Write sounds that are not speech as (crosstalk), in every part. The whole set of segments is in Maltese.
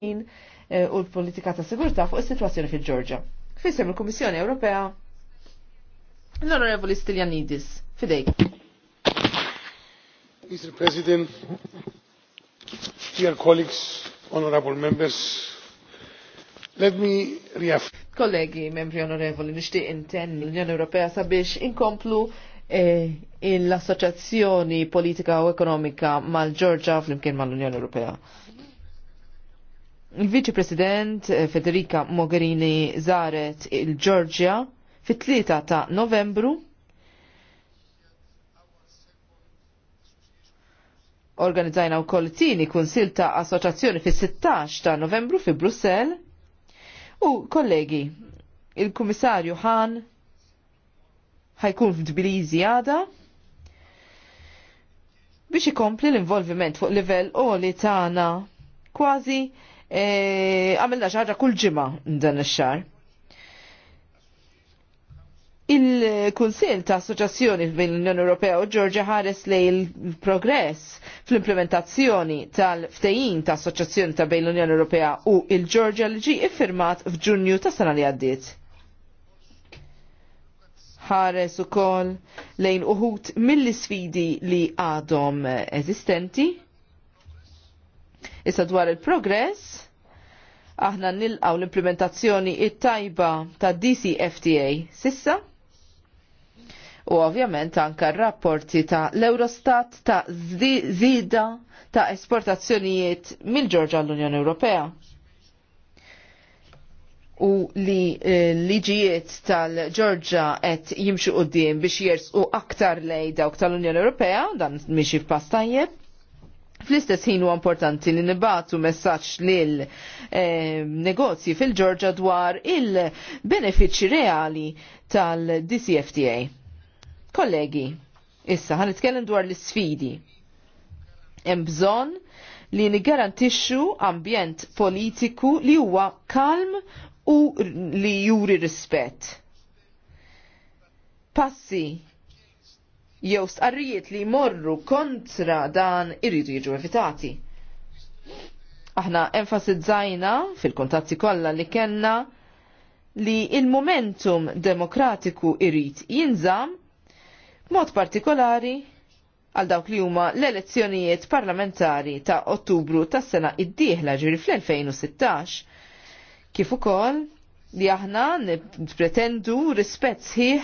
Eh, u l-politika ta' sigurtà fuq is-sitwazzjoni fil-Ġorġa. Fisem il-Kummissjoni Ewropea l-Onorevoli Stiljanidis, fidej. Mr. President, dear colleagues, honorable members, let me reaffirm. Kollegi, membri onorevoli, nishtiq inten l-Unjoni Ewropea sabiex inkomplu eh, in l-Assoċjazzjoni Politika u Ekonomika mal-Ġorġa fl-imkien mal-Unjoni Ewropea Il-Viċi President eh, Federica Mogherini zaret il georgia fit-3 ta' Novembru organizzajna u koll tini kunsil ta' assoċazzjoni fi 16 ta' novembru fi Brussel. U kollegi, il-Kummissarju Han ħajkun f'Tbilisi għada biex ikompli l-involviment fuq livell oli tagħna kważi E, għamilna ġarra kull ġimma dan ix-xar. Il-Kunsil ta' Assoċjazzjoni bejn l-Unjoni Ewropea u Ġorġa ħares li il-progress fl-implementazzjoni tal-ftejin ta' Assoċjazzjoni ta' bejn l-Unjoni Ewropea u il-Ġorġa li ġi iffirmat f'Ġunju ta' sena li għaddiet. Ħares ukoll lejn uħut mill-isfidi li għadhom eżistenti Issa dwar il-progress, aħna nilqaw l-implementazzjoni it-tajba ta' DCFTA sissa u ovvjament anka rapporti ta' l-Eurostat ta' zida ta' esportazzjonijiet mill-ġorġa l-Unjoni Ewropea u li eh, liġijiet tal-ġorġa qed jimxu qudiem biex jersqu aktar lej dawk tal-Unjoni Ewropea, dan mixi f'pass tajjeb Fl-istess ħin huwa importanti li nibatu messaġġ lil eh, negozji fil-Ġorġa dwar il-benefiċċji reali tal-DCFTA. Kollegi, issa ħan nitkellem dwar l-sfidi. Hemm bżonn li nigarantixxu ambjent politiku li huwa kalm u li juri rispett. Passi jew stqarrijiet li jmorru kontra dan irridu jiġu evitati. Aħna enfasizzajna fil kontazzi kollha li kellna li il-momentum demokratiku irrid jinżam mod partikolari għal dawk li huma l-elezzjonijiet parlamentari ta' Ottubru tas-sena id-dieħla ġiri fl-2016. Kif ukoll li aħna pretendu rispett sħiħ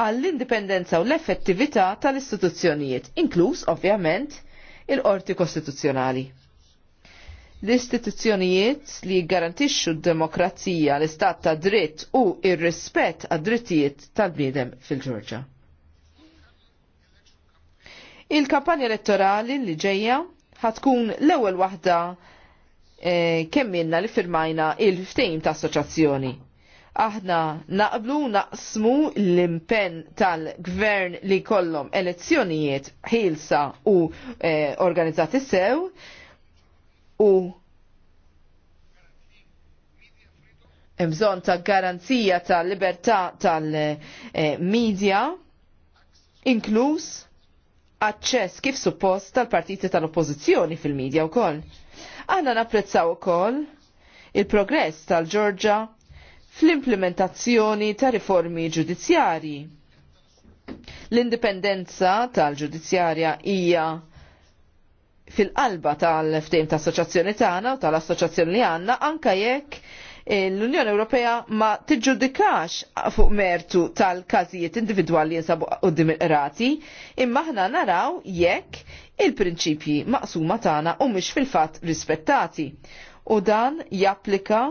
għall-indipendenza u l-effettività tal-istituzzjonijiet, inkluż ovvjament il-qorti kostituzzjonali. L-istituzzjonijiet li garantixxu d-demokrazija, l-istat ta' dritt u ir-rispett għad drittijiet tal-bniedem fil-Ġorġa. Il-kampanja elettorali li ġejja ħatkun l-ewwel waħda eh, kemm minna li firmajna il-ftejn ta' assoċjazzjoni aħna naqblu naqsmu l-impenn tal-gvern li kollom elezzjonijiet ħilsa u eh, organizzati sew u imżon ta' garanzija ta' libertà tal-medja inkluż aċċess kif suppost tal-partiti tal-oppożizzjoni fil-medja wkoll. Aħna napprezzaw ukoll il-progress tal-Ġorġa fl-implementazzjoni ta' riformi ġudizzjarji. L-indipendenza tal-ġudizzjarja hija fil-qalba tal ftim ta' assoċjazzjoni tagħna u tal-assoċjazzjoni li għandna anka jekk eh, l-Unjoni Ewropea ma tiġġudikax fuq mertu tal-każijiet individwali jinsabu qudiem il-qrati, imma aħna naraw jekk il-prinċipji maqsuma tagħna u mhux fil-fatt rispettati. U dan japplika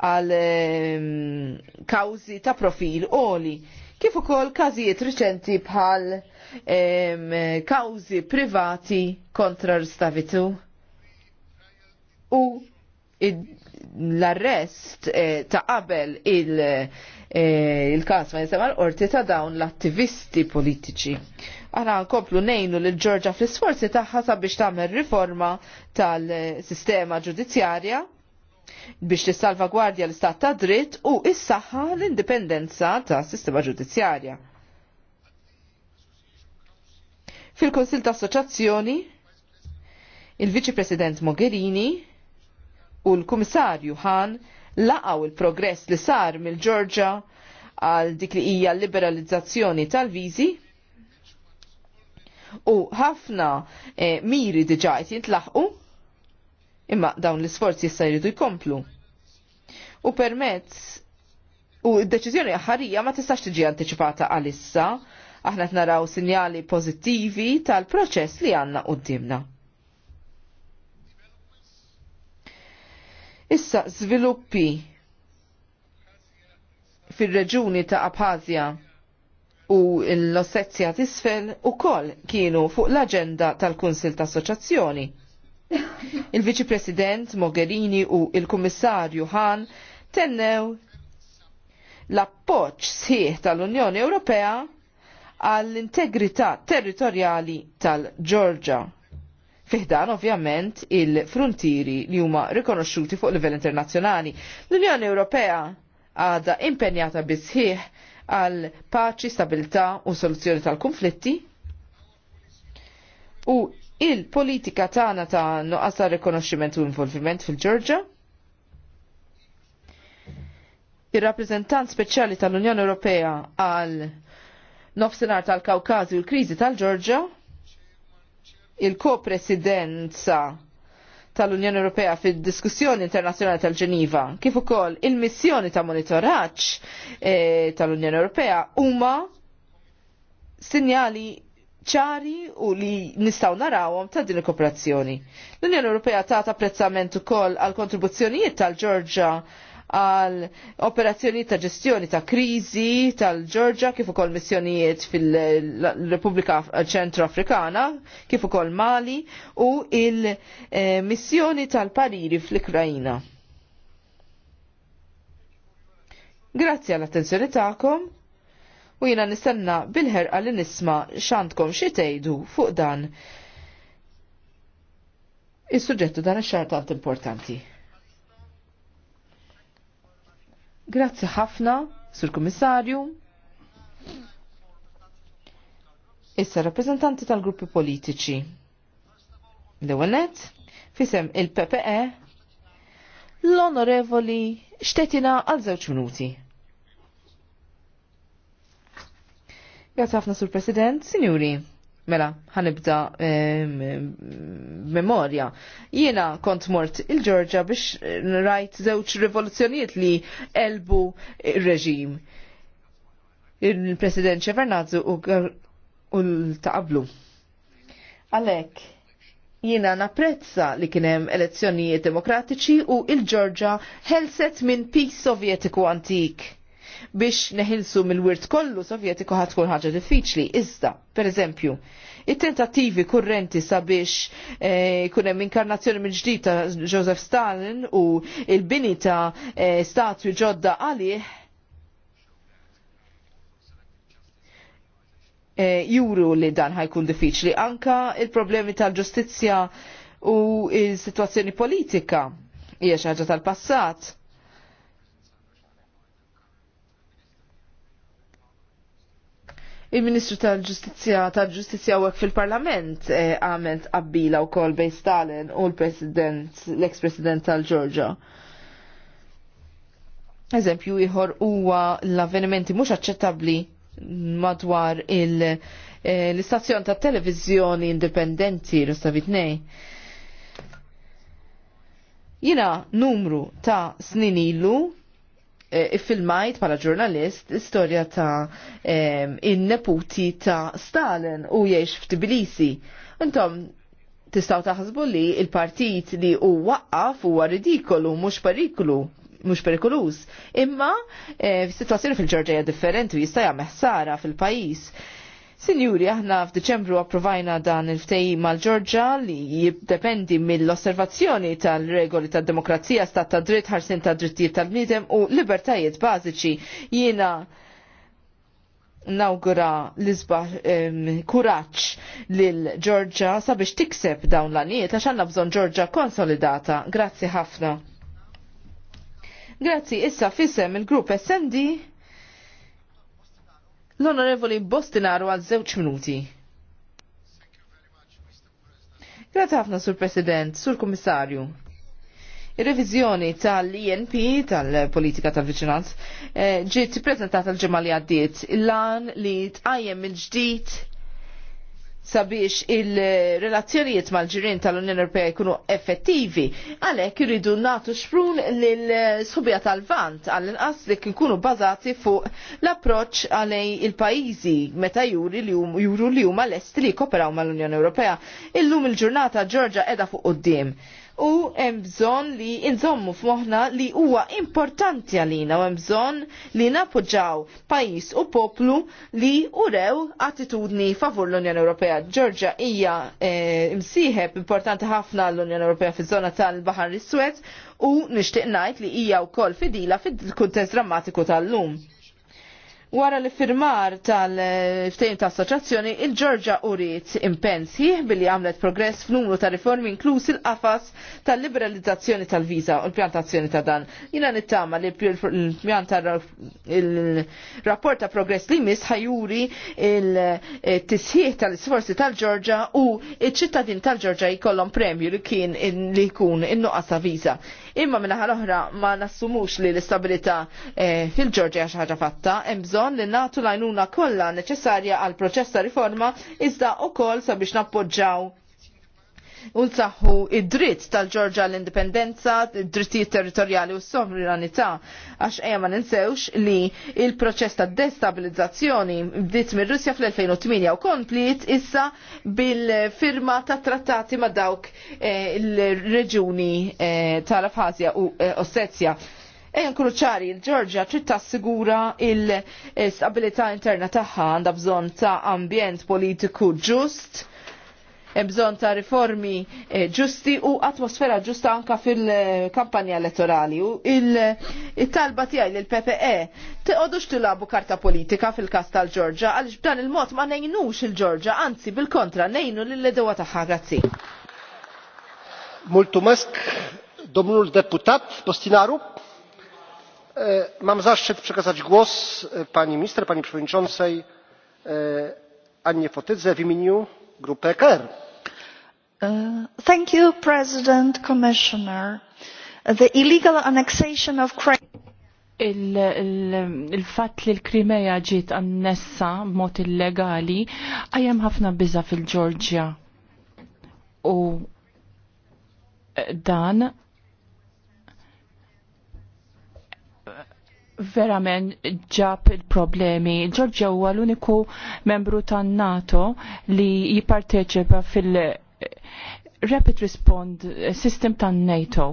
għal ehm, kawzi ta' profil oli. Kif ukoll każijiet riċenti bħal ehm, kawzi privati kontra l u l-arrest eh, ta' qabel eh, il-kas ma' jisemar orti ta' dawn l-attivisti politiċi. Għana nkomplu nejnu l ġorġa fl-sforzi taħħa sabiex tagħmel riforma tal-sistema ġudizzjarja biex tissalvagwardja l-istat ta' dritt u issaħħa l-indipendenza ta' sistema ġudizzjarja. Fil-Konsil ta' assoċazzjoni, il-Viċi President Mogherini u l-Kummissarju Han laqgħu il-progress li sar mill-Ġorġa għal dik li hija liberalizzazzjoni tal-viżi u ħafna eh, miri diġa jintlaħqu Imma dawn l-isforzi jista' jridu jkomplu. U permezz u d-deċiżjoni ħarija ma tistax tiġi antiċipata għalissa, aħna t naraw sinjali pożittivi tal-proċess li għandna dimna. Issa żviluppi fil-reġuni ta' Abħazja u l-Ossetzja tisfel u kol kienu fuq l-agenda tal-Kunsil ta' Assoċjazzjoni. (laughs) Il-Viċi President Mogherini u il-Kummissarju Han tennew l-appoċ sħiħ tal-Unjoni Ewropea għall-integrità territorjali tal-Ġorġa. Fiħdan ovvjament il frontiri li huma rikonoxxuti fuq livell internazzjonali. L-Unjoni Ewropea għada impenjata bisħiħ għal paċi, stabilità u soluzzjoni tal-konflitti. U il-politika tagħna ta' nuqqas ta' rikonoxximent u involviment fil-Ġorġa. Ir-rappreżentant speċjali tal-Unjoni Ewropea għal nofsinhar tal-Kawkażi u l-kriżi tal-Ġorġa, il-ko-presidenza tal-Unjoni Ewropea fid-diskussjoni internazzjonali tal-Ġeniva, kif ukoll il-missjoni ta' monitoraġġ eh, tal-Unjoni Ewropea huma sinjali ċari u li nistaw narawhom ta' din il-kooperazzjoni. L-Unjoni Ewropea tagħta apprezzament ukoll għal kontribuzzjonijiet tal-Ġorġa għal operazzjoni ta' ġestjoni ta' krizi tal-Ġorġa kif ukoll missjonijiet fil-Repubblika Ċentro Afrikana kif ukoll Mali u il-missjoni tal-Pariri fl ukrajina Grazzi għall-attenzjoni tagħkom u jina nistenna bil-ħerqa li nisma xantkom xi tgħidu fuq dan is-suġġettu dan ix-xar tant importanti. Grazzi ħafna, Sur Kummissarju. Issa rappresentanti tal-gruppi politiċi. l nett, fisem il-PPE, l-onorevoli xtetina għal żewġ minuti. Grazie ħafna sur President, Signori, Mela, ħanibda ehm, memorja. Jiena kont mort il-Ġorġa biex rajt żewġ rivoluzzjonijiet li elbu il reġim Il-President Ċevernazzu u l-taqablu. Għalek, jina napprezza li kienem elezzjonijiet demokratiċi u il-ġorġa ħelset minn pi sovjetiku antik biex neħilsu mill-wirt kollu sovjetiku ħad tkun ħaġa diffiċli. Iżda, per eżempju, it-tentattivi kurrenti sabiex eh, kunem inkarnazzjoni minn ġdid ta' Joseph Stalin u il-bini ta' eh, statwi ġodda għalih eh, juru li dan ħajkun diffiċli. Anka il-problemi tal-ġustizja u il-situazzjoni politika hija xi ħaġa tal-passat Il-Ministru tal-Ġustizzja tal-Ġustizzja u fil-Parlament eh, għamelt abbila qabbila wkoll bejn Stalin u l-President l-ex-President tal-Ġorġa. Eżempju ieħor huwa l-avvenimenti mhux aċċettabbli madwar eh, l-istazzjon tat televiżjoni indipendenti Rustavitnej. Jina numru ta' snin ilu Eh, iffilmajt pala ġurnalist istorja ta' in-neputi ta' Stalin u jiex f'Tbilisi. Intom, tistaw taħsbu li il-partit li u waqqaf huwa ridikolu mhux periklu mux perikolus. Imma, e, situazzjoni fil-ġorġeja differenti jista' jagħmel ħsara fil-pajjiż Sinjuri, aħna f'Diċembru approvajna dan il-ftejim mal-Ġorġa li jiddependi mill-osservazzjoni tal-regoli tad-demokrazija, stat ta' dritt, ħarsin ta' drittijiet tal-bniedem u libertajiet bażiċi. Jiena nawgura l-izbaħ kuraċ lil-Ġorġa sabiex tikseb dawn l-għaniet għax għanna bżon Ġorġa konsolidata. Grazzi ħafna. Grazzi, issa fissem il-grupp SND L-Onorevoli Bostinaru għal żewġ minuti. Grazie ħafna, Sur President, Sur Kommissarju. ir revizjoni tal-INP, tal-politika tal vicinanz eh, ġiet prezentata l ġemali li għaddiet il-lan li tqajjem il-ġdid sabiex il-relazzjonijiet mal-ġirin tal-Unjoni Ewropea jkunu effettivi, għalhekk iridu nagħtu xprun lil subja tal-vant għall-inqas li nkunu bażati fuq l-approċċ għalej il-pajjiżi meta juri li juru li huma lest li jkoperaw mal-Unjoni Ewropea. Illum il-ġurnata Ġorġa qiegħda fuq quddiem u hemm bżonn li nżommu f'moħħna li huwa importanti għalina u hemm bżonn li napoġġaw pajjiż u poplu li urew attitudni favur l-Unjoni Ewropea. Ġorġa hija e, eh, msieħeb importanti ħafna l-Unjoni Ewropea fiż-żona tal-Baħar Iswed u nixtieq ngħid li hija wkoll fidila fil-kuntest drammatiku tal-lum. Wara li firmar tal-ftejn ta' assoċazzjoni il-Ġorġa uriet impensi billi għamlet progress f'numru ta' riformi inkluż il-qafas tal-liberalizzazzjoni tal-viża u l-pjantazzjoni ta' dan. Jina nittama li l-pjanta il-rapport ta' progress li mis ħajuri il-tisħiħ tal-isforzi tal-Ġorġa u iċ-ċittadin tal-Ġorġa jkollhom premju li kien li jkun in-nuqqas ta' viża. Imma minna oħra ma nassumux li l istabilita eh, fil-Ġorġa xi ħaġa fatta, bżonn li nagħtu l-għajnuna kollha neċessarja għal proċess ta' riforma iżda wkoll sabiex nappoġġaw u nsaħħu id-dritt tal-ġorġa l-indipendenza, id-drittijiet territorjali u s-sovranità, għax eja ma ninsewx li il-proċess ta' destabilizzazzjoni bdiet mir russja fl-2008 u kompliet issa bil-firma ta' trattati ma' dawk eh, il-reġuni eh, tal afazja u eh, Ossetja. Ejja nkunu ċari, il-Ġorġa trid tassigura il-stabilità interna tagħha għandha bżonn ta' ambjent politiku ġust, bżonn ta' riformi eh, ġusti u atmosfera ġusta anka fil-kampanja elettorali. U il-talba tiegħi lil PPE tiqodux tilabu karta politika fil-kas tal-Ġorġa għaliex b'dan il-mod ma nejnux il-Ġorġa, anzi bil-kontra nejnu lill-edewa tagħha grazzi. Multumask domnul deputat Postinaru. E, mam zaszczyt przekazać głos e, pani minister pani przewodniczącej e, annie fotydze w imieniu grupy ecr. thank you president illegal annexation of il fatt li l-Krimeja ġiet annessa b'mod illegali għajem ħafna biża fil-ġorġja u dan Verament ġab il-problemi. Ġorġja huwa l-uniku membru tan-NATO li jipparteċipa fil-Rapid Respond System tan-NATO.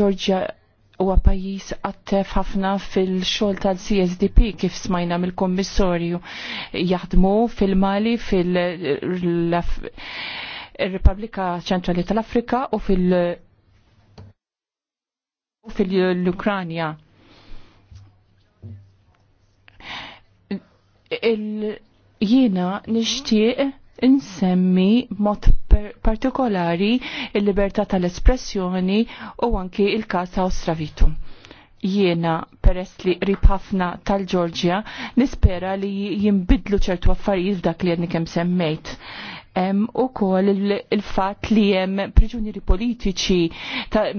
Ġorġja huwa pajjiż attef ħafna fil-xogħol tal-CSDP kif smajna mill-Kommissorju jaħdmu fil-Mali fil-, Republika repubblika Ċentrali tal-Afrika u fil- fil-Ukranja. jiena nixtieq insemmi mod partikolari il-libertà tal-espressjoni u anki il-kas ta' Ostravitu. Jiena peress li qrib ħafna tal-Ġorġja nispera li jimbidlu ċertu affarijiet f'dak li għedni kemm semmejt u kol il-fat li hemm priġunieri politiċi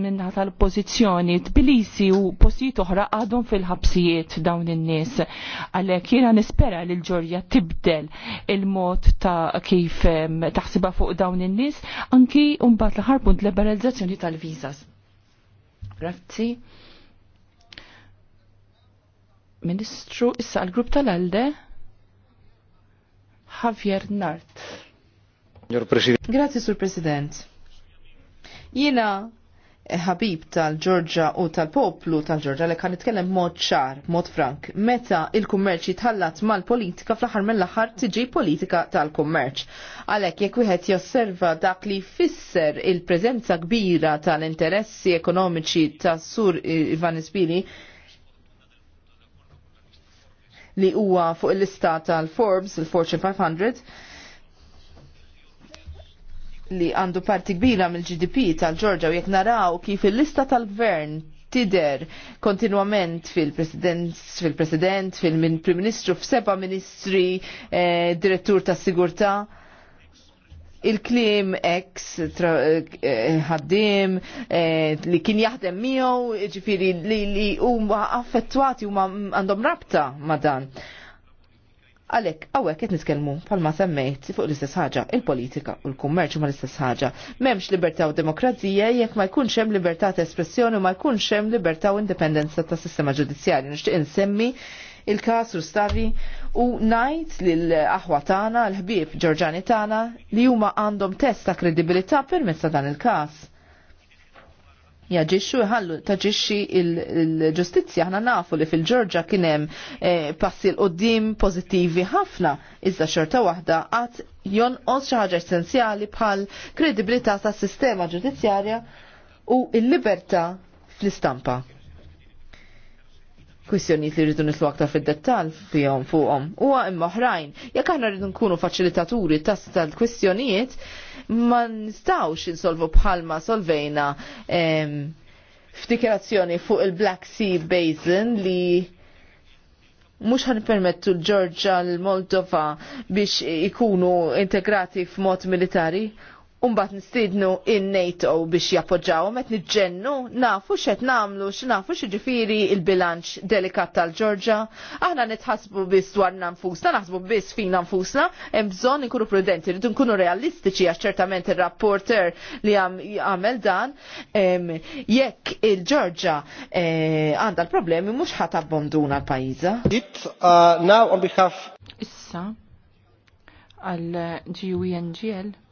minna tal oppożizzjoni Tbilisi u postijiet oħra għadhom fil-ħabsijiet dawn in-nies. Għalhekk jiena nispera li l-ġorja tibdel il-mod ta' kif taħsibha fuq dawn in-nies anki mbagħad l-ħar punt liberalizzazzjoni tal-viżas. Grazzi. Ministru issa għal-grupp tal-Alde Javier Nart. Grazie, Sur President. Jina eh, ħabib tal-ġorġa u tal-poplu tal-ġorġa li kan itkellem mod ċar, mod frank, meta il-kummerċ jitħallat mal-politika fl-aħħar mill-aħħar tiġi politika tal-kummerċ. Għalhekk jekk wieħed josserva dak li fisser il-preżenza kbira tal-interessi ekonomiċi tas-sur Ivan Isbili li huwa fuq il-lista tal-Forbes, il-Fortune 500, li għandu parti kbira mill-GDP tal-Ġorġa u jekk naraw kif il-lista tal-gvern tider kontinuament fil-president, fil-president, fil-prim ministru, f'seba ministri, eh, direttur ta' sigurta. Il-klim ex eh, ħaddim eh, li kien jaħdem miegħu, jiġifieri li huma affettwati huma għandhom rabta ma' dan. Għalek, għawek qed nitkellmu palma semmejt fuq l-istess ħaġa, il-politika u l-kummerċ ma l-istess ħaġa. M'hemmx libertà u demokrazija jekk ma jkunx hemm libertà ta' espressjoni u ma jkunx hemm libertà u indipendenza tas sistema ġudizzjarju. Nixtieq insemmi il-kas Rustavi u najt lil-aħwa tagħna, l-ħbieb Ġorġani tagħna li huma għandhom test ta' kredibilità permezz ta' dan il-każ jaġixxu ħallu, taġixxi il-ġustizzja. Aħna nafu li fil-Ġorġa kien hemm eh, passi l-qoddim pożittivi ħafna, iżda xorta waħda għat jonqos xi ħaġa essenzjali bħal kredibilità tas-sistema ġudizzjarja u l-libertà fl-istampa. Kwistjonijiet li rridu nitlu aktar fid-dettall fihom fuqhom. Huwa imma oħrajn, jekk aħna rridu nkunu faċilitaturi tas tal-kwistjonijiet, ma nistawx insolvu bħalma solvejna f'dikerazzjoni fuq il-Black Sea Basin li mux ħan permettu l georgia l-Moldova biex ikunu integrati f'mod militari Umbat nistidnu in-NATO biex jappoġġaw, met nġennu, nafu xet namlu, x'nafu xġifiri il-bilanċ delikat tal-ġorġa. Aħna nitħasbu biss dwar nanfusna, naħsbu biss fin nanfusna, hemm bżonn inkunu prudenti, rridu nkunu realistiċi għax ċertament ir-rapporter li għamel dan, jekk il-ġorġa eh, għandha l-problemi mhux ħadd abbonduna l-pajjiża. Uh, now on behalf Issa għal GUNGL e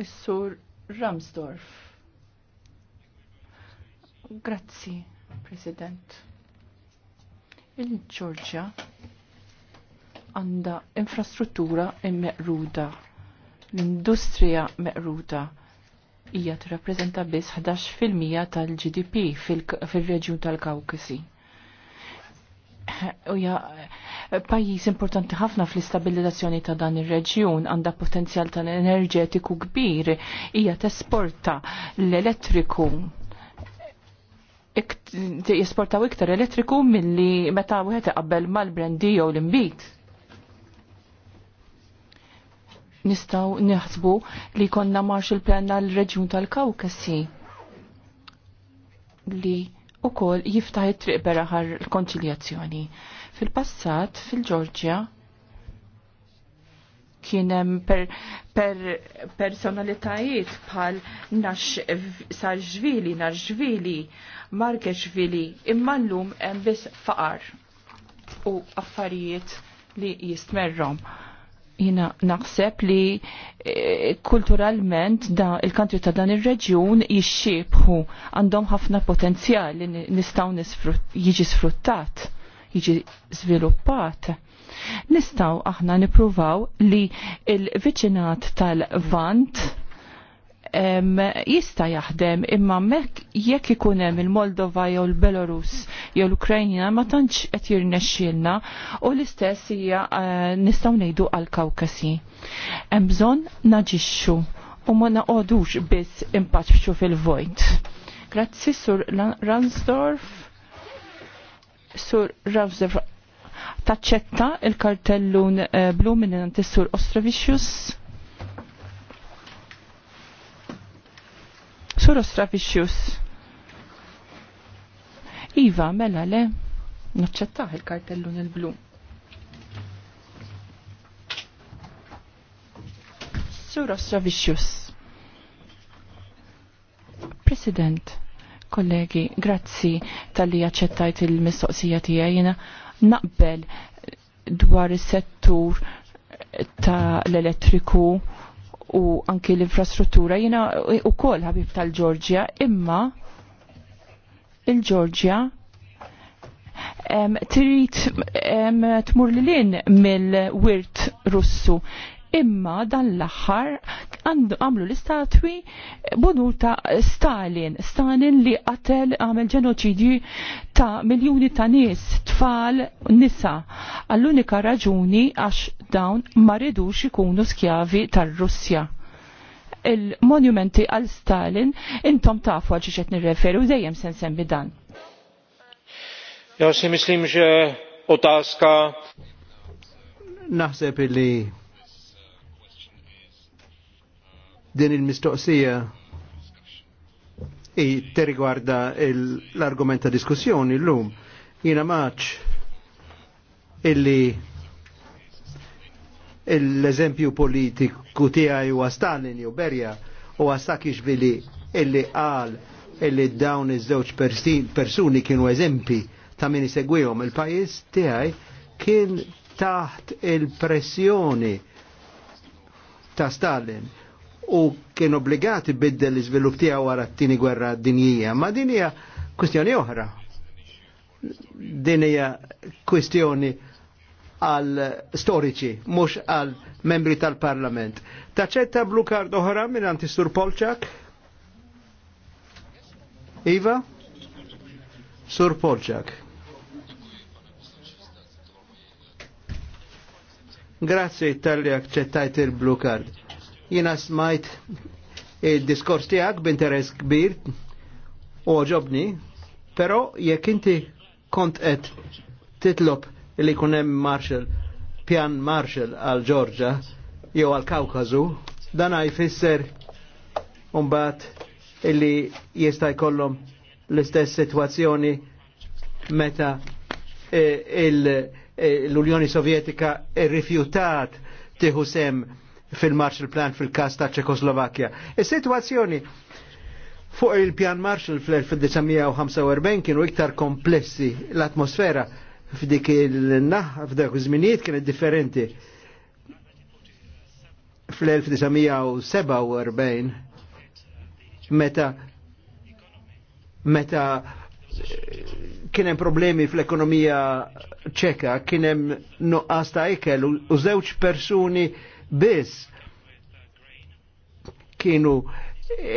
Is-sur Ramsdorf. Grazzi, President. il ġorġja għanda infrastruttura immeqruda. L-industrija meqruda hija tirrappreżenta biss 11% fil-mija tal-GDP fil-reġjun tal-Kawkasi uja pajjiż importanti ħafna fl-istabilizzazzjoni ta' dan ir-reġjun għandha potenzjal ta' enerġetiku kbir hija tesporta l-elettriku jesportaw iktar elettriku milli meta wieħed iqabbel mal brandi jew l-imbit. Nistgħu nieħsbu li konna marx il-plan għal-reġjun tal-Kawkasi li u kol jiftaħ it-triq beraħar l-konċiljazzjoni. Fil-passat, fil-ġorġja, kienem per, per personalitajiet bħal sarġvili, narġvili, markeġvili, imma l-lum biss faqar u affarijiet li jistmerrom jina naħseb li eh, kulturalment da il-kantri ta' dan il-reġjun jixxiebħu għandhom ħafna potenzjal li nistaw jiġi sfruttat, jiġi sviluppat. Nistaw aħna nipruvaw li il-viċinat tal-vant jista jaħdem imma mek jekk ikun hemm il-Moldova jew il-Belarus jew l-Ukrajna ma tantx qed jirnexxielna u l-istess hija eh, nistgħu ngħidu għall-Kawkasi. Hemm bżonn naġixxu u ma naqogħdux biss impaċċu fil-vojt. Grazzi sur Ransdorf. Sur Ransdorf taċċetta il-kartellun eh, blu minn sur Ostrovicius. Sur Ostravicius. Iva, mela le, naċċettaħ il-kartellun il-blu. Sur Ostravicius. President, kollegi, grazzi tal-li għacċettajt il-mistoqsija tijaj jena naqbel dwar is-settur ta' l-elettriku u anki l-infrastruttura jina u kol ħabib tal-ġorġja imma il-ġorġja trid tmur lilin mill-wirt russu imma dan l-aħħar għamlu l-istatwi bunuta Stalin, Stalin li qatel għamel ġenoċidji ta' miljoni ta' nies, tfal, nisa, għall-unika raġuni għax dawn ma ridux ikunu skjavi tar-Russja il-monumenti għal Stalin intom tafu għal ċiċet nirreferu dejjem sen sen dan. Ja si mislim že otázka. Naħseb li Din il-mistoqsija i terigwarda l argumenta diskussjoni l-lum. Jina maċ illi l-eżempju politiku tiegħi u Stalin ju Berja u iġbili illi qal illi dawn iż-żewġ persuni kienu eżempi ta' min isegwihom il-pajjiż tiegħi kien taħt il-pressjoni ta' Stalin u kien obbligati biddel l-iżvilupp tiegħu wara t-tieni gwerra dinjija, ma din hija kwistjoni oħra. Din hija kwistjoni għal storiċi, mhux għal membri tal-Parlament. Taċċetta blu kard oħra minn antistur Polċak? Iva? Sur Polċak. Grazie tal-li il-blue card. Jina smajt il-diskors tijak b'interess kbir u ġobni, pero jek inti kont et titlob li kunem Marshall, pjan Marshall għal Georgia jew għal Kaukazu, dan jfisser umbat illi jista' jkollhom l-istess situazzjoni meta e, l-Unjoni Sovjetika rrifjutat tiħu sem fil-Marshall Plan fil-kas ta' Ċekoslovakja. Is-sitwazzjoni fuq il-pjan Marshall fl-1945 kienu iktar komplessi l-atmosfera f'dik il-naħ, f'dak iż-żminijiet kienet differenti. Fl-1947 meta meta kien hemm problemi fl-ekonomija ċeka, kien hemm nuqqas ta' ikel u żewġ persuni biss kienu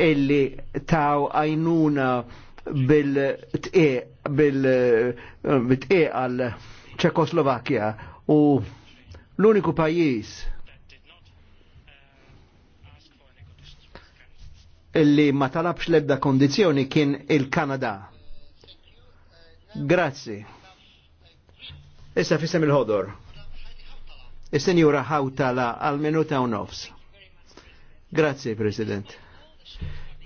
illi taw għajnuna bil-tqiq għal ċekoslovakja u l-uniku pajis illi ma talabx lebda kondizjoni kien il-Kanada. Grazzi. Issa fissem il-ħodor. Is-Senjura Hawtala għal minuta u nofs. Grazie, President.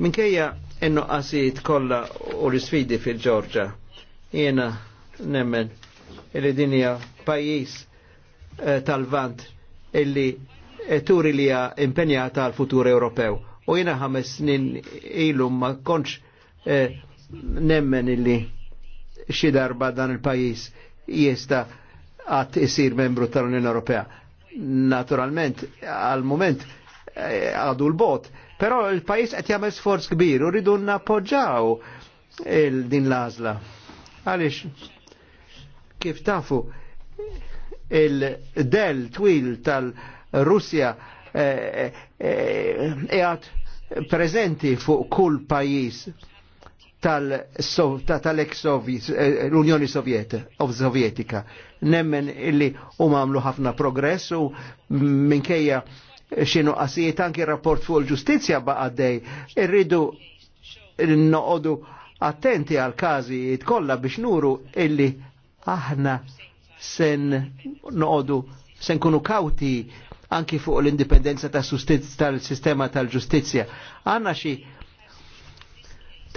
Minkejja in-noqqasijiet kolla u l-sfidi fil-Ġorġa, jena nemmen il dinja pajis eh, tal-vant illi eh, turi li hija impenjata għal futur Ewropew. U jena ħames snin ilum ma konċ eh, nemmen illi xidarba dan il pajis jesta' għat isir membru tal-Unjoni Ewropea. Naturalment, għal-moment eh, għadu l-bot, però il-pajis qed jagħmel sforz kbir u rridu nappoġġaw din l-għażla. Għaliex kif tafu il-del twil tal-Russja eh, eh, qiegħed prezenti fuq kull pajjiż tal-ex eh, l-Unjoni Sovjetika. Nemmen illi u għamlu ħafna progress u minkejja xinu qasijiet anki rapport fuq il-ġustizja baqaddej irridu noqodu attenti għal każijiet kollha biex nuru illi aħna sen noqodu sen kunu kawti anki fuq l-indipendenza tas-sistema tal-ġustizja. Għanna xie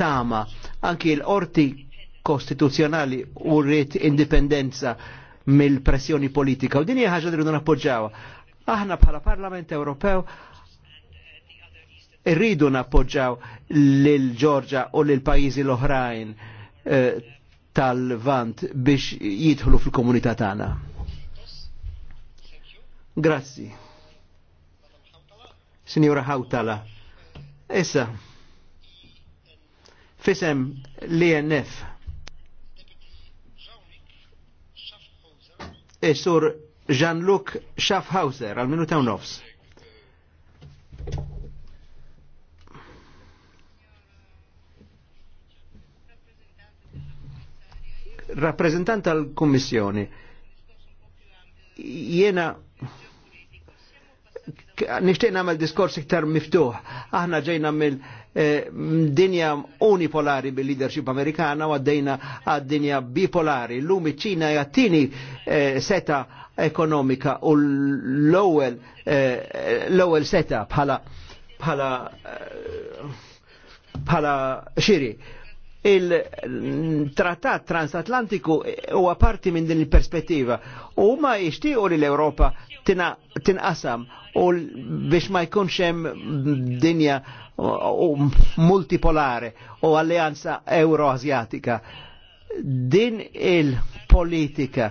T'ama anki l-orti kostituzzjonali u rrit indipendenza mill-pressjoni politika u din hija ħaġa dridu nappoġġawha. Aħna bħala Parlament Ewropew irridu nappoġġaw lil Ġorġa u lil pajjiżi l-oħrajn eh, tal-vant biex jidħlu fil-komunità tagħna. Grazzi. Signora Hautala. Essa fisem l-INF. E Isur eh, Jean-Luc Schaffhauser, għal-minuta e u nofs. rappresentant tal-Kommissjoni, jena nishtiq namel diskors iktar miftuħ. Aħna ġejna mill Eh, dinja unipolari bil-leadership amerikana u għaddejna għad-dinja bipolari. L-lum ċina jattini eh, seta ekonomika u l-ewwel eh, seta bħala bħala bħala xiri. Il-trattat transatlantiku huwa parti minn din il-perspettiva u ma jixtiequ li l europa tinqasam u biex ma jkunx hemm dinja multipolare u alleanza euroasjatika. Din il-politika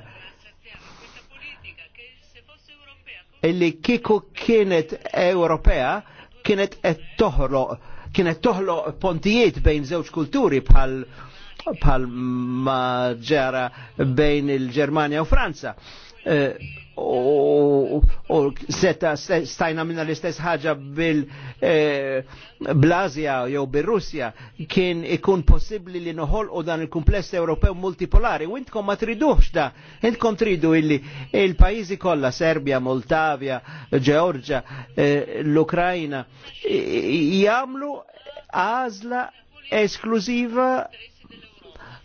illi kiku kienet Ewropea kienet et toħlo kienet toħlo pontijiet bejn żewġ kulturi bħal bħal ma ġara bejn il ġermania u Franza. E, u seta stajna minna l-istess ħaġa bil-Blazja e, jew bil-Russja kien ikun possibli li noħol u dan il-kumpless Ewropew multipolari u intkom ma triduħx da intkom tridu illi il-pajizi kolla, Serbia, Moldavia, Georgia, e, l-Ukrajna jamlu għazla esklusiva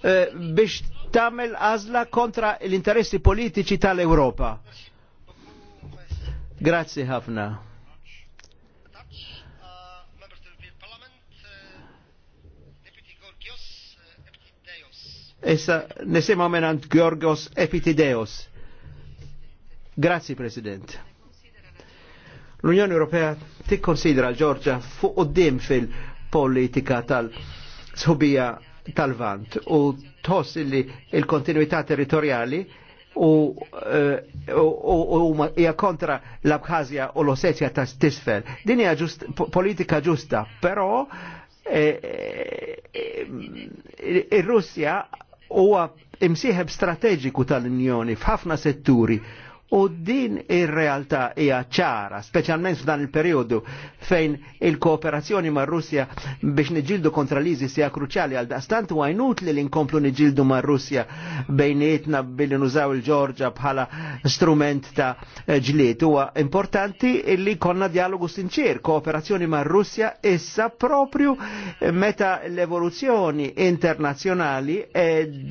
e, biex tagħmel għażla kontra l-interessi politiċi tal-Ewropa. Grazzi ħafna. Issa nisimaw menant Georgos Epitideos. Grazzi, President. L-Unjoni Ewropea tikkonsidra l-Ġorġa fuq qoddim fil-politika tal-sħubija tal-Vant u tħoss li il-kontinuità territoriali u eh, hija kontra l-Abħazja u l-Osetja ta' stisfel. Din hija politika ġusta, però eh, eh, ir-Russja huwa imsieħeb strateġiku tal-Unjoni f'ħafna setturi U din ir-realtà hija ċara, speċjalment f'dan il-perjodu fejn il-kooperazzjoni mar russja biex niġildu kontra l-ISIS hija kruċjali għal daqstant huwa inutli li nkomplu niġildu mar russja bejnietna billi nużaw il-Ġorġa bħala strument ta' ġlied. Huwa importanti li konna dialogu sinċer, kooperazzjoni mar russja issa propju meta l-evoluzzjoni internazzjonali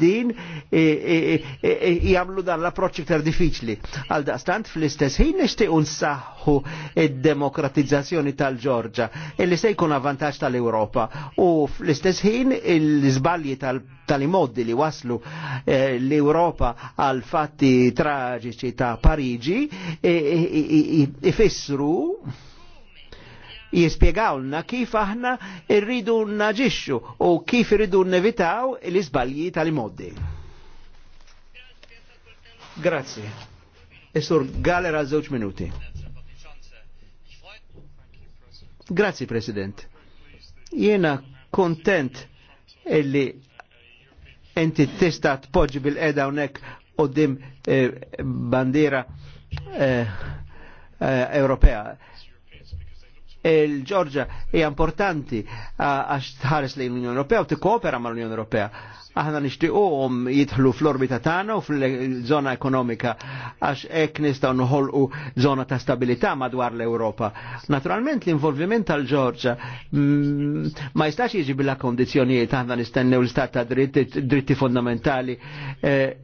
din jagħmlu dan l-approċċ iktar diffiċli Għal daqstant fl-istess ħin nixtiequ nsaħħu id-demokratizzazzjoni tal-Ġorġa illi se jkun avvantaġġ tal-Ewropa u fl-istess ħin l-iżbalji tal-imoddi li waslu eh, l-Ewropa għal fatti traġiċi ta' Parigi eh, eh, ifissru jispiegawlna kif aħna irridu naġixxu u kif irridu nevitaw l-iżbalji tal-imoddi. Grazie. Isur Galera żewġ minuti. Grazzi, President. Jiena kontent illi enti tista tpoġġi bil-qeda unek qoddim eh, bandiera eh, eh, Ewropea il-Ġorġa hija importanti għax tħares lejn l-Unjoni Ewropea u tikkopera mal unjoni Ewropea. Aħna nixtiequhom jidħlu fl-orbita tagħna u fl-żona ekonomika għax hekk nistgħu noħolqu żona ta' stabilità madwar l-Ewropa. Naturalment l-involviment tal-Ġorġa mm, ma jistax jiġi bil kondizzjonijiet aħna nistennew l-istat ta' dritti, fondamentali eh,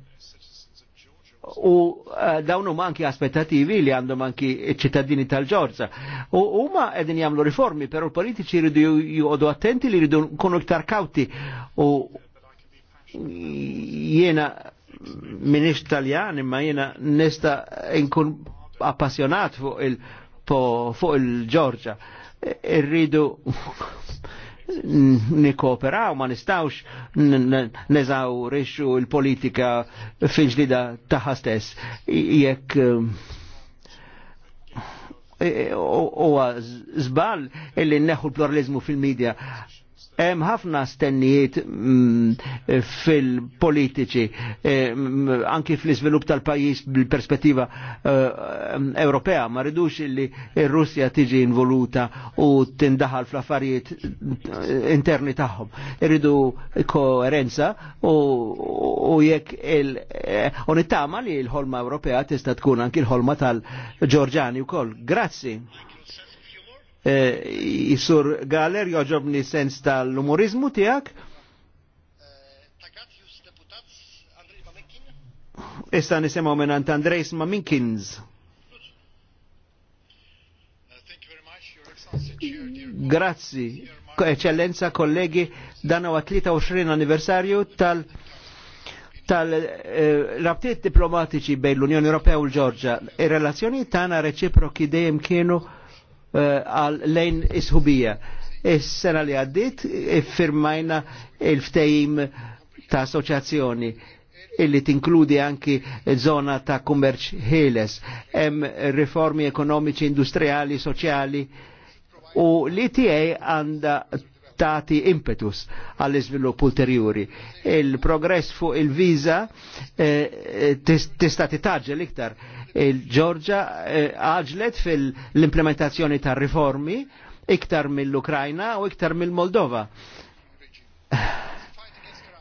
u eh, dawnu manki aspettativi li għandu manki ċittadini tal-ġorza. U huma edin jamlu riformi, pero l-politiċi jridu joqogħdu attenti li ridu kunu iktar kauti. u jena minix taljan imma jena nesta nkun appassionat fuq il-Ġorġa. E-, irridu nikkooperaw, ma nistawx neżawrixu il-politika fil-ġdida taħħa stess. Jekk um, e- e- huwa żball illi neħu l-pluralizmu fil-medja Hemm ħafna stennijiet mm, fil-politiċi, eh, mm, anki fl-iżvilupp tal-pajjiż bil-perspettiva eh, Ewropea, ma ridux illi r-Russja tiġi involuta u tindaħal fl-affarijiet eh, interni tagħhom. Irridu koerenza u jekk il unittama li l-ħolma Ewropea tista' tkun anki l-ħolma tal-Ġorġani wkoll. Grazzi. Jisur eh, Galer joġobni sens tal-umorizmu tijak. Issa nisimaw minnant Andrejs Maminkins. Grazzi, eccellenza kollegi, dan huwa 23 anniversarju tal- tal-rabtiet eh, diplomatiċi bejn l-Unjoni Ewropea u l-Ġorġa. Ir-relazzjoni tagħna reċiproki dejjem kienu Eh, għal lejn isħubija. Is-sena li għaddit firmajna il-ftejim ta' assoċjazzjoni illi tinkludi anki zona ta' kummerċ ħeles, em riformi ekonomiċi, industriali, soċiali u l-ITA għanda tati impetus għall-izvilupp ulterjuri. Il-progress fuq il-viza eh, eh tista' titaġġel iktar il-Ġorġa eh, għaġlet fil-implementazzjoni ta' riformi iktar mill-Ukrajna u iktar mill-Moldova.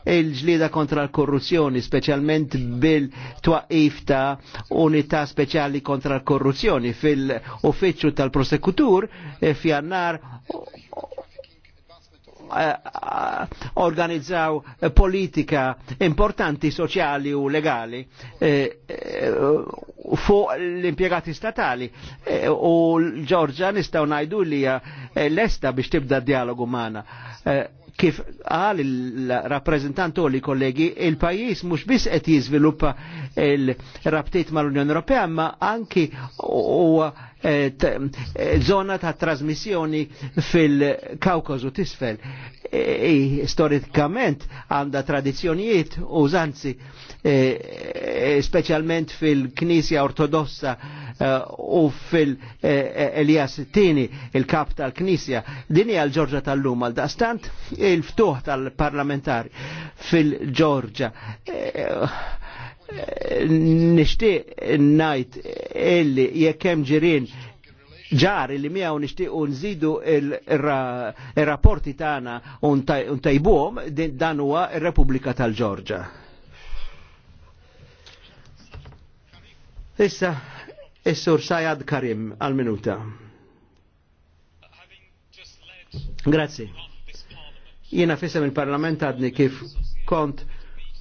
Il-ġlida kontra l-korruzzjoni, specialment bil-twaqif ta' unità speċjali kontra l-korruzzjoni fil-uffiċċju tal-prosekutur eh, fjannar Eh, organizzaw politika importanti soċjali u legali eh, eh, fuq l-impiegati statali u l-Ġorġa nistaw najdu li l-esta biex tibda dialogu mana kif għal il-rappresentant li kollegi, il-pajis mux bis qed jiżviluppa il-rabtiet mal-Unjoni Ewropea, ma anki u eh, eh, zona ta' trasmissjoni fil kaukazu tisfel. E, e, storikament għanda tradizjonijiet u zanzi, eh, specialment fil-Knisja Ortodossa u fil-Elias Tini, il-kap tal-Knisja. Dini għal-ġorġa tal-lum għal-dastant il-ftuħ tal-parlamentari fil-ġorġa nishtiq najt illi jekk hemm ġirien ġari li miegħu nixtiequ nżidu il-rapporti tagħna untajbuhom dan huwa tal-Ġorġa. Issa, Issur Sajad Karim għal-minuta. Grazie. Jena fissem il-Parlament għadni kif kont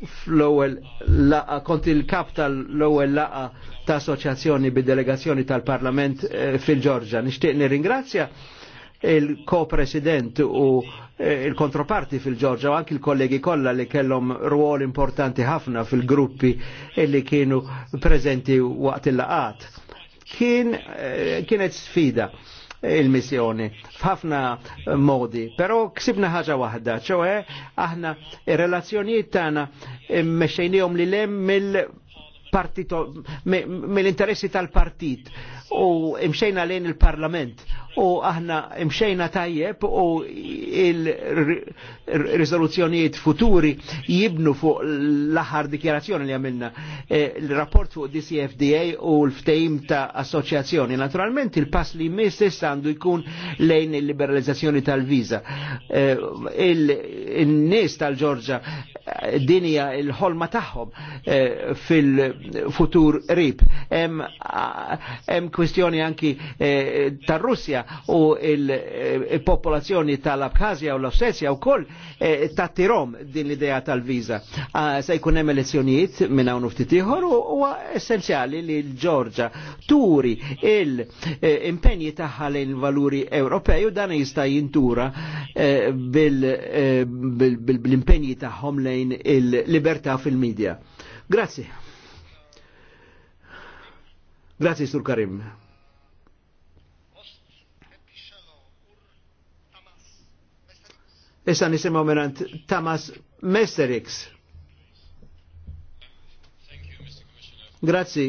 fl-ewwel laqa kont il-kap tal-ewwel laqa ta' assoċjazzjoni bid-delegazzjoni tal-Parlament eh, fil ġorġja Nixtieq nirringrazzja il-ko-president u eh, il-kontroparti fil ġorġja u anki il-kollegi kollha li kellhom ruol importanti ħafna fil-gruppi li kienu preżenti waqt il-laqat. Kien, eh, kienet sfida il-missjoni f'ħafna modi. Però ksibna ħaġa waħda, ċoħe aħna ir-relazzjonijiet tagħna mexxejnihom li lem mill partito mill-interessi tal-partit u imxejna lejn il-parlament u aħna imxejna tajjeb u il-rizoluzzjonijiet futuri jibnu fuq l-aħħar dikjarazzjoni li għamilna eh, il-rapport fuq DCFDA u l-ftejim ta' assoċjazzjoni. Naturalment il-pass li jmiss għandu jkun lejn il-liberalizzazzjoni tal-viza. Eh, il-nies tal-Ġorġa eh, dinja il-ħolma tagħhom fil-futur rib. Hemm kwistjoni anki tar-Russja l u eh, il-popolazzjoni tal-Abħazja u l-Ossesja u koll eh, tattirom din l-idea tal-viza. Ah, se jkun hemm elezzjonijiet minn hawn ftit ieħor u essenzjali li l-Ġorġa turi l-impenji eh, tagħha lejn valuri Ewropej u dan jista' jintura bil-impenji tagħhom lejn il-libertà fil-medja. Grazie. Grazie, Sur Karim. Issa nisimaw minant Tamas Mesterix. Grazzi,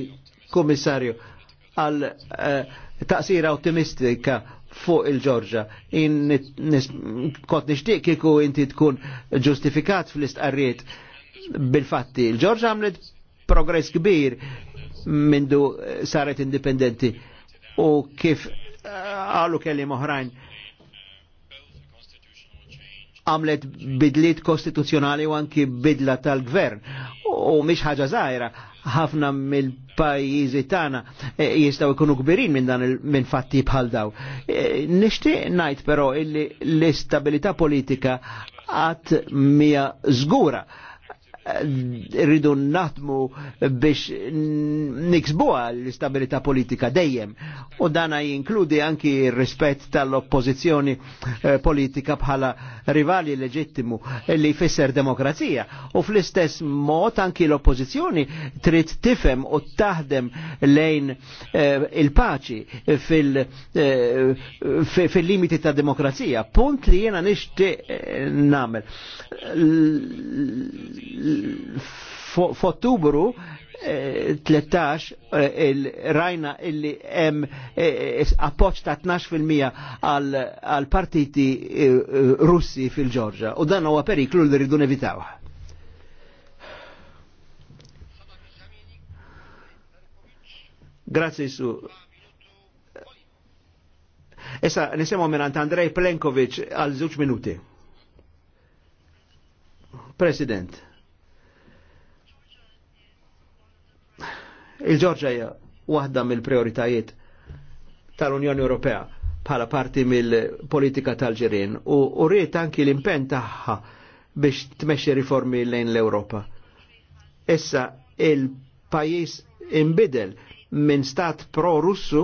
komissarju, għal eh, taqsira ottimistika fuq il-ġorġa. Kont nishtiq kiku inti tkun ġustifikat fl-istqarriet bil-fatti. Il-ġorġa għamlet progress kbir mindu saret indipendenti u kif eh, għalu kelli moħrajn għamlet bidliet kostituzzjonali u anki bidla tal-gvern. U mhix ħaġa żgħira, ħafna mill-pajjiżi tagħna eh, jistgħu jkunu kbirin minn dan minn fatti bħal daw. Eh, nixtieq ngħid però l-istabilità politika għat mija żgura rridu naħdmu biex niksbuha l-istabilità politika dejjem. U dana jinkludi anki rispett tal-oppożizzjoni eh, politika bħala rivali leġittimu li jfisser demokrazija. U fl-istess mod anki l-oppożizzjoni trid tifem u taħdem lejn eh, il-paċi eh, fil-limiti ta' demokrazija. Punt li jena nixtieq nagħmel f'Ottubru 13 eh, eh, il-rajna illi hemm eh, appoċ ta' 12% għal partiti Russi fil-Ġorġa u dan huwa periklu li rridu nevitaw. Grazie su. Issa nisimgħu minn Andrej Plenkovic għal żewġ minuti. President. Il-Ġorġa hija waħda mill-prioritajiet tal-Unjoni Ewropea bħala parti mill-politika tal-ġirien u rrid anki l impenn tagħha biex tmexxi riformi lejn l-Ewropa. Issa il pajjiż imbidel minn stat pro-Russu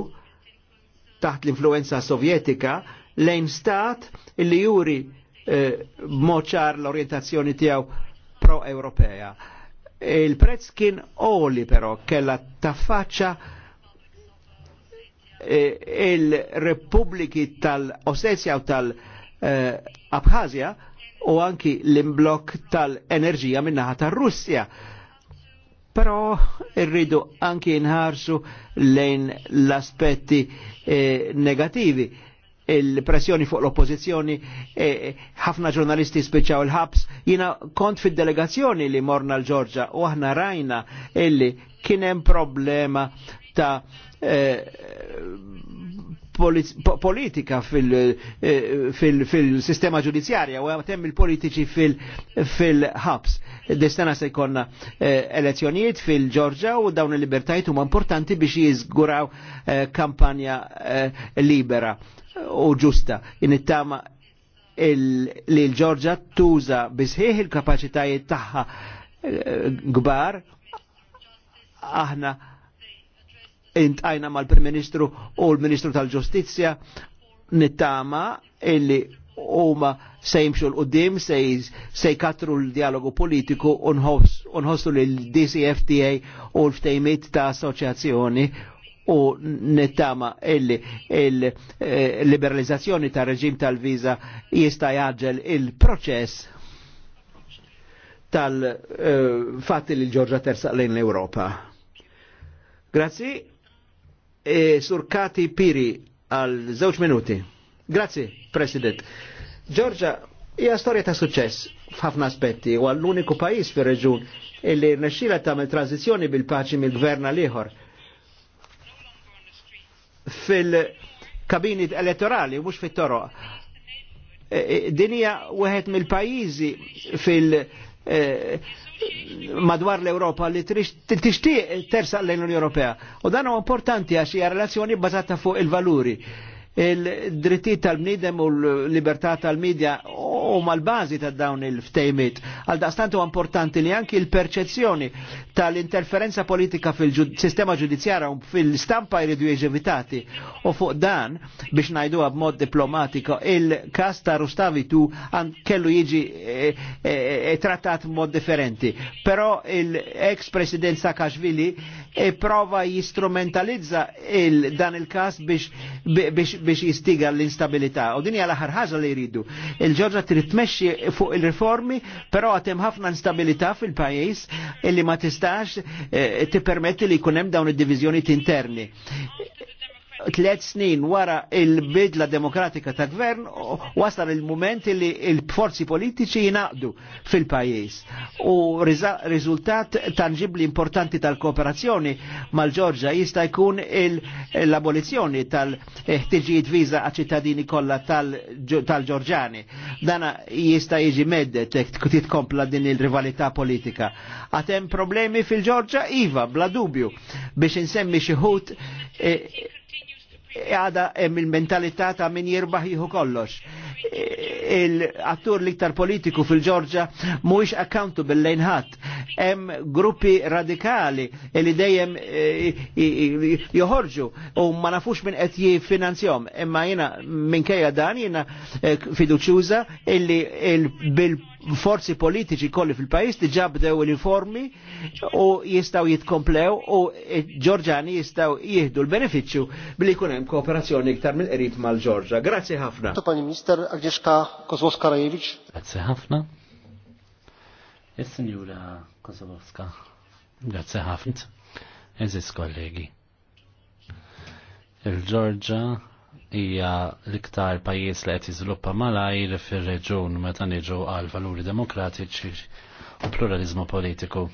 taħt l-influenza sovjetika lejn stat li juri eh, b'moċar ċar l-orientazzjoni tiegħu pro-Ewropea. Il-prezz kien oli però kella taffaċċa e, il-Repubbliki tal-Ossetja u tal-Abħazja u anki l-imblok tal-enerġija minnaħa tal-Russja. Però irridu anki nħarsu lejn l-aspetti e, negativi il-pressjoni fuq l-oppozizjoni, e, ħafna ġurnalisti speċjaw il-ħabs. Jina kont fid delegazzjoni li morna l-Ġorġa u aħna rajna illi kienem problema ta' e, politika e, fil-sistema ġudizzjarja u għatem il-politiċi fil-ħabs. Destana se jkonna elezzjonijiet fil-ġorġa u dawn il-libertajt huma importanti biex jizguraw kampanja libera u ġusta. it-tama li l-Ġorġa tuża bisħieħ il-kapacitajiet tagħha eh, gbar aħna intajna mal-Prim Ministru u l-Ministru tal-Ġustizzja nittama illi huma se jimxu l qudiem se jkatru l-dialogu politiku u nħossu l-DCFTA u l ftejmit ta' assoċjazzjoni u nittama il-liberalizzazzjoni ta' reġim tal-viza jista' jaġġel il-proċess tal-fatti li ġorġa tersaq lejn l-Europa. Grazzi, e surkati piri għal żewġ minuti. Grazzi, President. Ġorġa hija storja ta' suċċess f'ħafna aspetti u l uniku pajis fir-reġun illi rnexxila tagħmel tranzizzjoni bil-paċi mill-gvern għal ieħor fil-kabini elettorali, mux fit-toro. E, e, Dinija wieħed mill-pajizi fil- e, madwar l-Europa li tixtieq tersa l-Unjoni Ewropea. U dan huwa importanti għax hija relazzjoni bbażata fuq il-valuri il-drittijiet tal-bniedem u l-libertà tal-medja u mal-bażi ta' dawn il-ftejmit. Għal daqstant huwa importanti li anki l-perċezzjoni tal-interferenza politika fil-sistema ġudizzjara u fil-stampa jridu eżevitati. U fuq dan, biex najduha b'mod diplomatiko, il-kas ta' Rustavitu kellu jiġi e, e, e, trattat mod differenti. Però l-ex president Saakashvili e prova jistrumentalizza il, dan il-kas biex, biex, biex jistiga l-instabilità. U din hija li jridu. Il-ġorġa trid tmexxi fuq il-riformi, però għad hemm ħafna instabilità fil-pajjiż illi ma tistax eh, tippermetti li jkun hemm dawn id-diviżjoni interni tliet snin wara il-bidla demokratika ta' gvern wasal il-moment li il-forzi politiċi jinaqdu fil-pajis. U riżultat tangibli importanti tal-kooperazzjoni mal-Ġorġa jista' jkun l-abolizzjoni tal-ħtiġijiet viża għal ċittadini kollha tal-Ġorġani. Dana jista' jiġi meddet titkompla din il-rivalità politika. Għatem problemi fil-Ġorġa? Iva, bla dubju, biex insemmi xi ħut eh, għada hemm il-mentalità ta' min jirbaħ jieħu kollox. Il-attur liktar politiku fil-Ġorġa mhuwiex accountable lejn ħadd. Hemm gruppi radikali li dejjem eh, joħorġu u ma nafux minn qed jiffinanzjom. Imma jiena minkejja dan jiena eh, fiduċjuża illi bil forzi politiċi kolli fil-pajis diġa bdew l-informi u jistaw jitkomplew u e, ġorġani jistaw jihdu l-beneficju billi kun hemm kooperazzjoni iktar mill qrib mal-Ġorġa. Grazie ħafna. Pani Minister Agnieszka Kozłowska-Rajewicz. Grazie ħafna. Is-Sinjura Kozłowska. Grazie ħafna. Eżis kollegi. Il-Ġorġa hija l-iktar pajjiż li qed jiżviluppa malajr fir-reġun meta niġu għal valuri demokratiċi u pluralizmu politiku.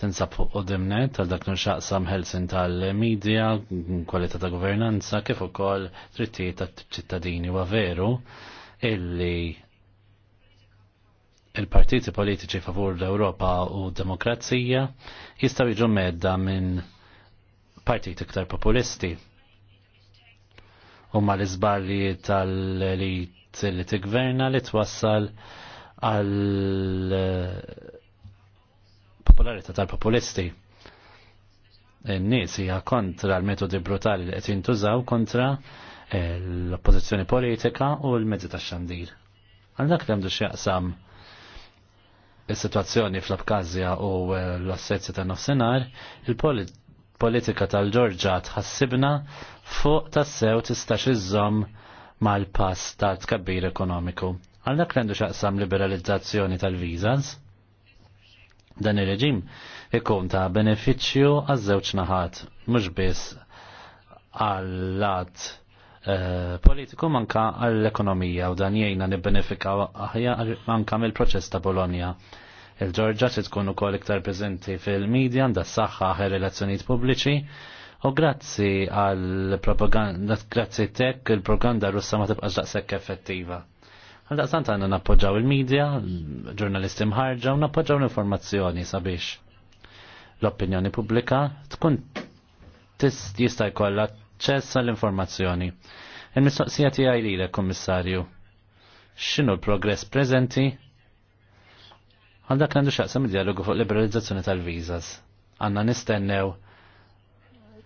Tinsab fuq qudimnet tal dak nxaqsam ħelsin tal-medja, kwalità ta' governanza kif ukoll drittijiet tat-ċittadini wa veru illi il-partiti politiċi favur l-Europa u demokrazija jistaw jiġu medda minn partiti iktar populisti u l iżbalji tal-elit li t-gverna li twassal għal eh, popolarità tal-populisti. N-nies hija kontra l-metodi brutali li qed jintużaw kontra eh, l-oppożizzjoni politika u l-mezzi tax-xandir. Għal dak li għandu x'jaqsam is-sitwazzjoni fl-Abkazja u eh, l-assetzi ta' nofsinhar, il-polit politika tal-ġorġa tħassibna fuq tassew tistax iżżomm mal-pass tal-tkabbir ekonomiku. Għal dak rendu xaqsam liberalizzazzjoni tal-vizas? Dan ir-reġim ikun ta' benefiċċju għaż-żewġ naħat, mhux biss għall eh, politiku manka għall-ekonomija u dan jgħina nibbenefika anka mill-proċess ta' Bologna. Il-Ġorġa se tkun ukoll iktar preżenti fil-medja għandha saħħa relazzjonijiet pubbliċi u grazzi għal propaganda grazzi tek il-propaganda russa ma tibqax daqshekk effettiva. Għal daqstant għandna nappoġġaw il-medja, ġurnalisti mħarġa u nappoġġaw l-informazzjoni sabiex l-opinjoni pubblika tkun jista' jkollha aċċess għall-informazzjoni. Il-mistoqsija tiegħi lilek, Kummissarju. X'inhu l-progress preżenti Għal dak għandu xaqsam dialogu fuq liberalizzazzjoni tal-vizas. Għanna nistennew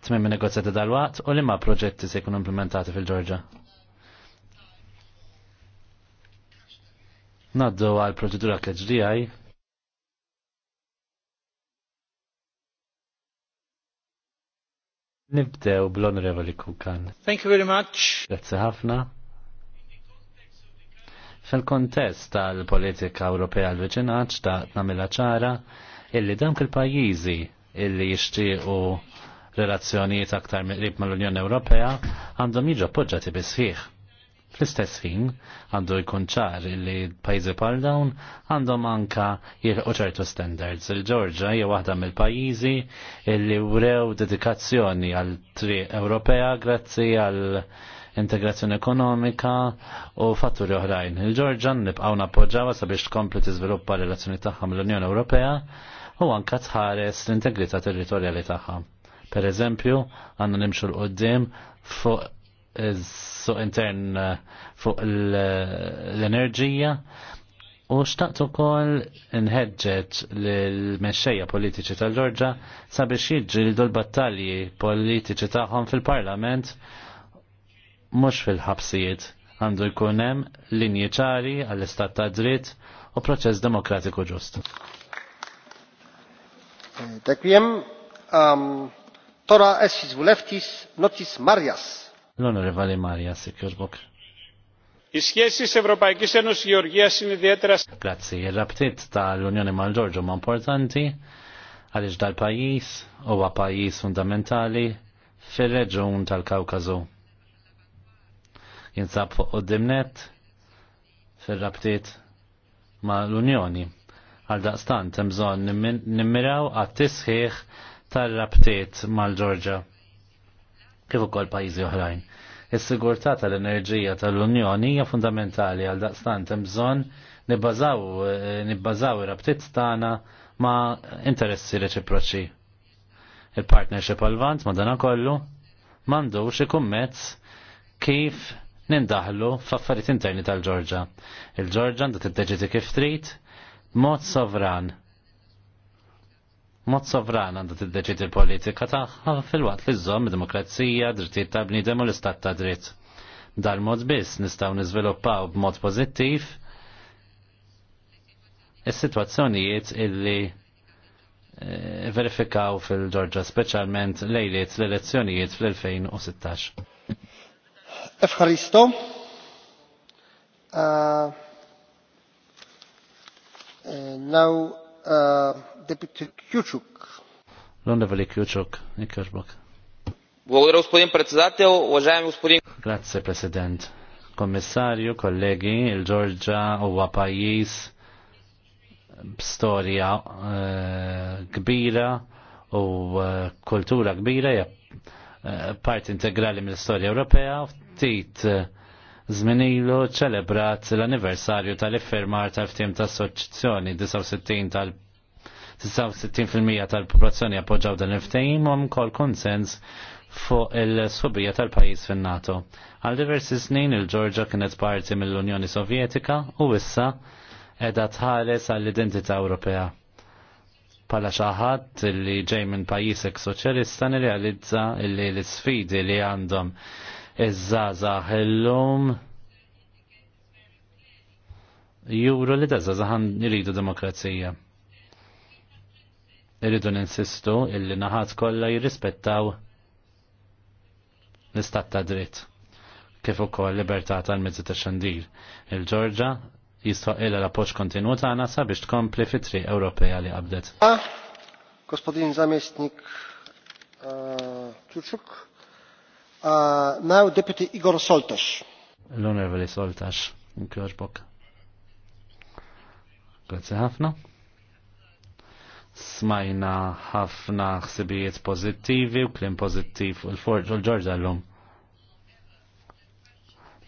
tmim negozjati dal-waqt u li ma proġetti se jkunu implementati fil-ġorġa. Naddu għal proċedura KHDI. Nibdew bl-Onorevoli Kukan. Thank you very much. Grazie ħafna. Fil-kontest tal-politika Ewropea l-viċinaċ ta' namila ċara illi dawk il-pajjiżi illi jixtiequ relazzjonijiet aktar qrib mal-Unjoni Ewropea għandhom jiġu appoġġjati bisfih. Fl-istess ħin għandu jkun ċar li pajjiżi bħal dawn għandhom anka jilqu ċertu standards. Il-Ġorġa hija waħda mill-pajjiżi illi wrew dedikazzjoni għal triq Ewropea grazzi għal integrazzjoni ekonomika u fatturi oħrajn. Il-Ġorġan nibqgħu nappoġġawha sabiex tkompli tiżviluppa relazzjoni tagħha mill-Unjoni Ewropea u anka tħares l-integrità territorjali tagħha. Per eżempju, għandna nimxu l-qoddim fuq suq intern fuq l-enerġija u xtaqt ukoll nħeġġeġ l-mexxejja politiċi tal-Ġorġa sabiex jiġġieldu l-battalji politiċi tagħhom fil-Parlament mux fil-ħabsijiet għandu jkunem linji ċari għall-istat ta' dritt u proċess demokratiku ġust. Dekwiem, um, tora essis vuleftis notis Marjas. L-onorevali Marjas, sikjur bok. sjessis Ewropajkis Enus Georgijas in idietra. Grazzi, il-rabtiet tal-Unjoni mal-Ġorġu ma' importanti għaliex dal-pajis huwa pajis fundamentali fir-reġun tal-Kawkażu jinsab fuq qoddimnet fil-rabtiet ma l-Unjoni. Għal daqstan hemm bżonn nimmiraw għat-tisħiħ tar-rabtiet mal-Ġorġa kif ukoll pajjiżi oħrajn. Is-sigurtà tal-enerġija tal-Unjoni hija fundamentali għal daqstant hemm bżonn nibbażaw nibbażaw ir-rabtiet tagħna ma' interessi reċiproċi. Il-partnership għal-vant ma' dana kollu mandu ikun kif nindaħlu f'affarijiet interni tal-Ġorġa. Il-Ġorġa għandha tiddeċidi kif trid mod sovran. Mod sovran għandha tiddeċidi politika tagħha fil-waqt li żomm demokrazija, drittijiet ta' bniedem u l-istat ta' dritt. Dal-mod biss nistgħu niżviluppaw b'mod pożittiv is-sitwazzjonijiet illi eh, verifikaw fil-ġorġa, speċjalment lejliet l-elezzjonijiet fl-2016. Efkaristo. Uh, now, uh, Deputy Кючук. L'onorevole Кючук, Никербок. Благодаря, господин председател, уважаеми господин... Grazie, President. Commissario, colleghi, il Georgia huwa pajjiż b'storja eh, kbira u eh, kultura kbira hija eh, part integrali mill-istorja Ewropea ftit zminilu eh, ċelebrat l-anniversarju tal-iffermar tal-ftim tas-soċċjoni 69 tal- 69% tal-popolazzjoni appoġġaw dan il-ftehim u kol konsens fuq il-subija tal-pajis fin-NATO. Għal diversi snin il-Ġorġa kienet parti mill-Unjoni Sovjetika u issa edha tħares għall-identità Ewropea. Pala xaħat li ġej minn pajisek soċjalista nirrealizza li l-sfidi li għandhom iż-żazax juru li dażazax zaħan jridu demokrazija. Iridu ninsistu illi naħat kollha jirrispettaw l-istat ta' dritt kif ukoll libertà tal-mezzi ta' xandir. Il-Ġorġa jistħoq la l-appoġġ kontinwu nasa biex tkompli fitri triq Ewropea li qabdet. Gospodin zamestnik Ċuċuk. E, Uh, now Deputy Igor Soltax. L-Onorevoli Soltax, inkjoġbok. Grazie ħafna. Smajna ħafna ħsibijiet pozittivi u klim pozittiv u l-Forġ u l-Ġorġa l-lum.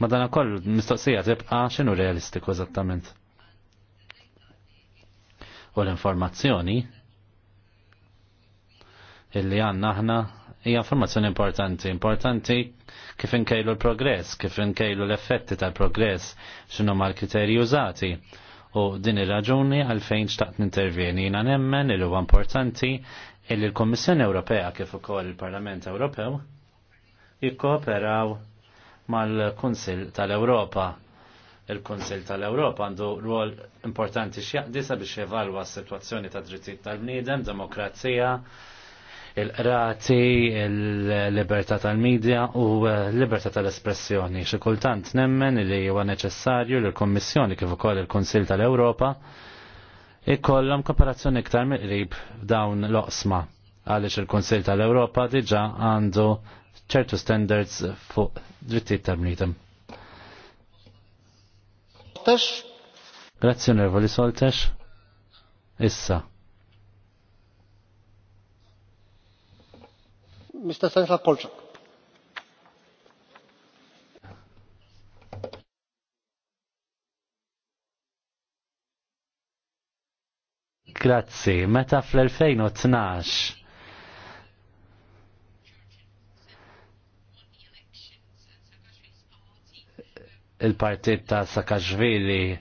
Madana koll, mistoqsija tibqa xinu realistiku eżattament. U l-informazzjoni illi għanna aħna hija informazzjoni importanti, importanti kif inkejlu l-progress, kif inkejlu l-effetti tal-progress, x'inhu mal-kriterji użati. U din ir-raġuni għalfejn xtaqt nintervjeni jiena nemmen il huwa importanti li l-Kommissjoni Ewropea kif ukoll il-Parlament Ewropew jikkooperaw mal-Kunsil tal-Ewropa il-Konsil tal-Ewropa għandu rwol importanti x'jaqdisa biex jevalwa s-sitwazzjoni ta' drittijiet tal-bniedem, demokrazija, il-qrati, il-libertà tal-medja u l-libertà eh, tal-espressjoni. Xi kultant nemmen li huwa neċessarju li l-Kommissjoni kif ukoll il konsil tal-Ewropa ikollhom kooperazzjoni iktar miqrib dawn l-oqsma għaliex il konsil tal-Ewropa diġà għandu ċertu standards fuq drittijiet tal-bniedem. Grazie onorevoli Soltex. Issa. Mr. Stanislav Polczak. Grazzi, meta fl-2012 il-partit ta' Sakaxvili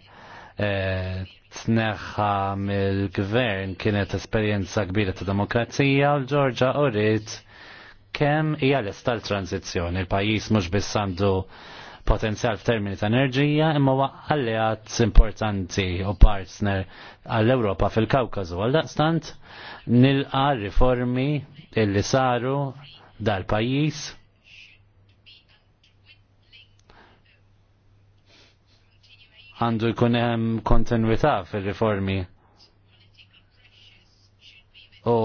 eh, tneħħa mill-gvern kienet esperjenza kbira ta' demokrazija u l-ġorġa rrit kemm hija l-est tal-tranzizzjoni. Il-pajjiż mhux biss għandu potenzjal f'termini ta' enerġija imma huwa alleat importanti u partner għall-Ewropa fil-Kawkażu. Għaldaqstant nilqa riformi illi saru dal-pajjiż għandu jkun hemm kontinwità fir-riformi u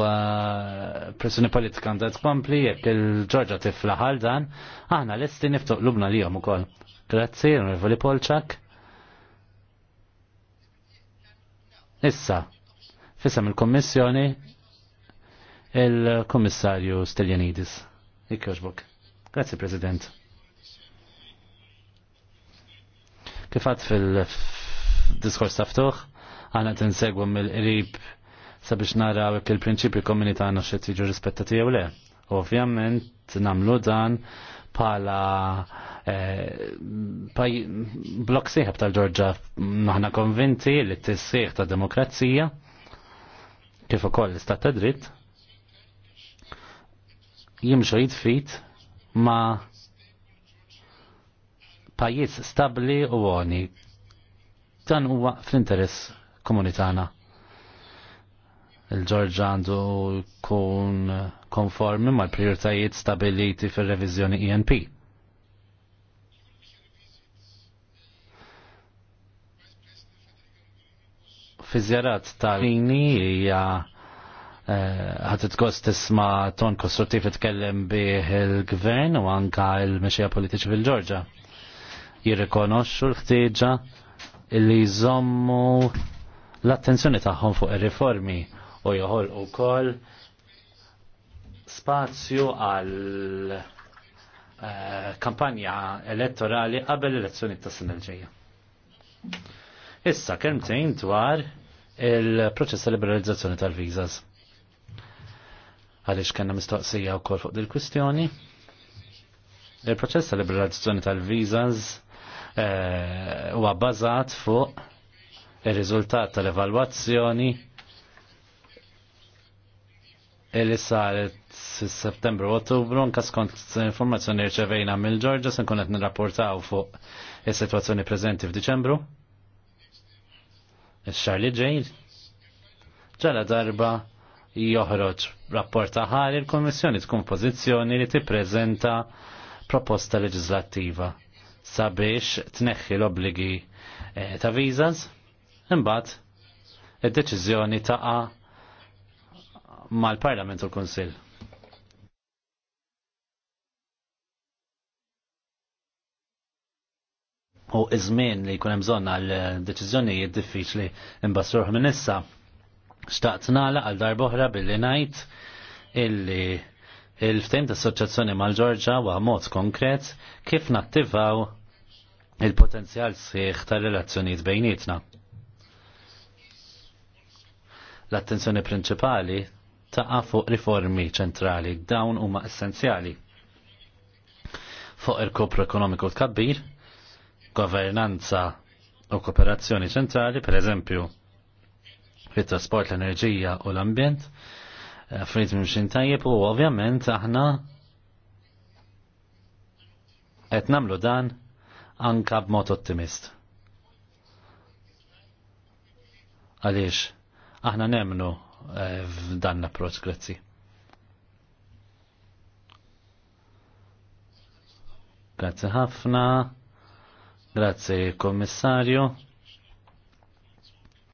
uh, pressjoni politika għandha tkompli jekk il-ġorġa tifla ħaldan, dan, aħna lesti niftuq lubna li jom ukoll. Grazzi, Rivoli Polċak. Issa, fissam il-Kommissjoni il-Kommissarju Steljanidis. Ikkjoġbok. Grazzi, President. Kifat fil-diskors taftuħ, għana tinsegwa mill-qrib sabiex nara jekk il-prinċipji komuni tagħna x'qed jiġu rispettati jew le. Ovvjament nagħmlu dan bħala eh, blok siħab tal-ġorġa naħna konvinti li t-sieħ ta' demokrazija kif ukoll l-istat ta' dritt jimxu jitfit ma' pajjiż stabbli u għoni. Dan huwa fl-interess komunitana il-ġorġa għandu kun konformi mal prioritajiet stabiliti fil reviżjoni INP. E Fizjarat tal-lini hija eh, ħatit kost tisma ton kostruttiv itkellem bih il-gvern u anka il-mexija politiċi fil-ġorġa. Jirrikonoxxu l-ħtieġa illi jżommu l-attenzjoni tagħhom fuq ir-riformi u joħol u kol spazju għal eh, kampanja elettorali qabel elezzjoni ta' sena l-ġeja. Issa tejn dwar il-proċess ta' liberalizzazzjoni tal-vizas. Għaliex kena mistoqsija u kol fuq dil-kwistjoni. Il-proċess ta' liberalizzazzjoni tal-vizas eh, huwa e, fuq ir-riżultat tal-evalwazzjoni li saret settembru ottubru anka skont informazzjoni rċevejna mill-Ġorġa se nkun qed nirrapportaw fuq is-sitwazzjoni preżenti f'Diċembru. ix xar li ġej ġala darba joħroġ rapporta ħali il komissjoni tkun pożizzjoni li tippreżenta proposta leġislattiva sabiex tneħħi l-obligi eh, ta' vizas imbagħad id-deċiżjoni ta' mal-Parlament u l-Konsil. U iż-żmien li jkun hemm bżonn deċizjoni deċiżjonijiet diffiċli imbassurħ minn issa. Xtaqt nagħlaq għal darba billi ngħid illi il ftim ta' soċazzjoni mal-Ġorġa huwa mod konkret kif nattivaw il-potenzjal sħiħ ta' relazzjonijiet bejnietna. L-attenzjoni prinċipali taqa' fuq riformi ċentrali dawn huma essenzjali. Fuq il-kopru ekonomiku tkabbir, governanza u kooperazzjoni ċentrali, per eżempju, fit-trasport l-enerġija u l-ambjent, eh, frit mxin tajjeb u ovvjament aħna qed namlu dan anka b'mod ottimist. Għaliex, aħna nemnu Eh, f'dan l-approċ, grazzi. Grazzi ħafna, grazzi kommissarju.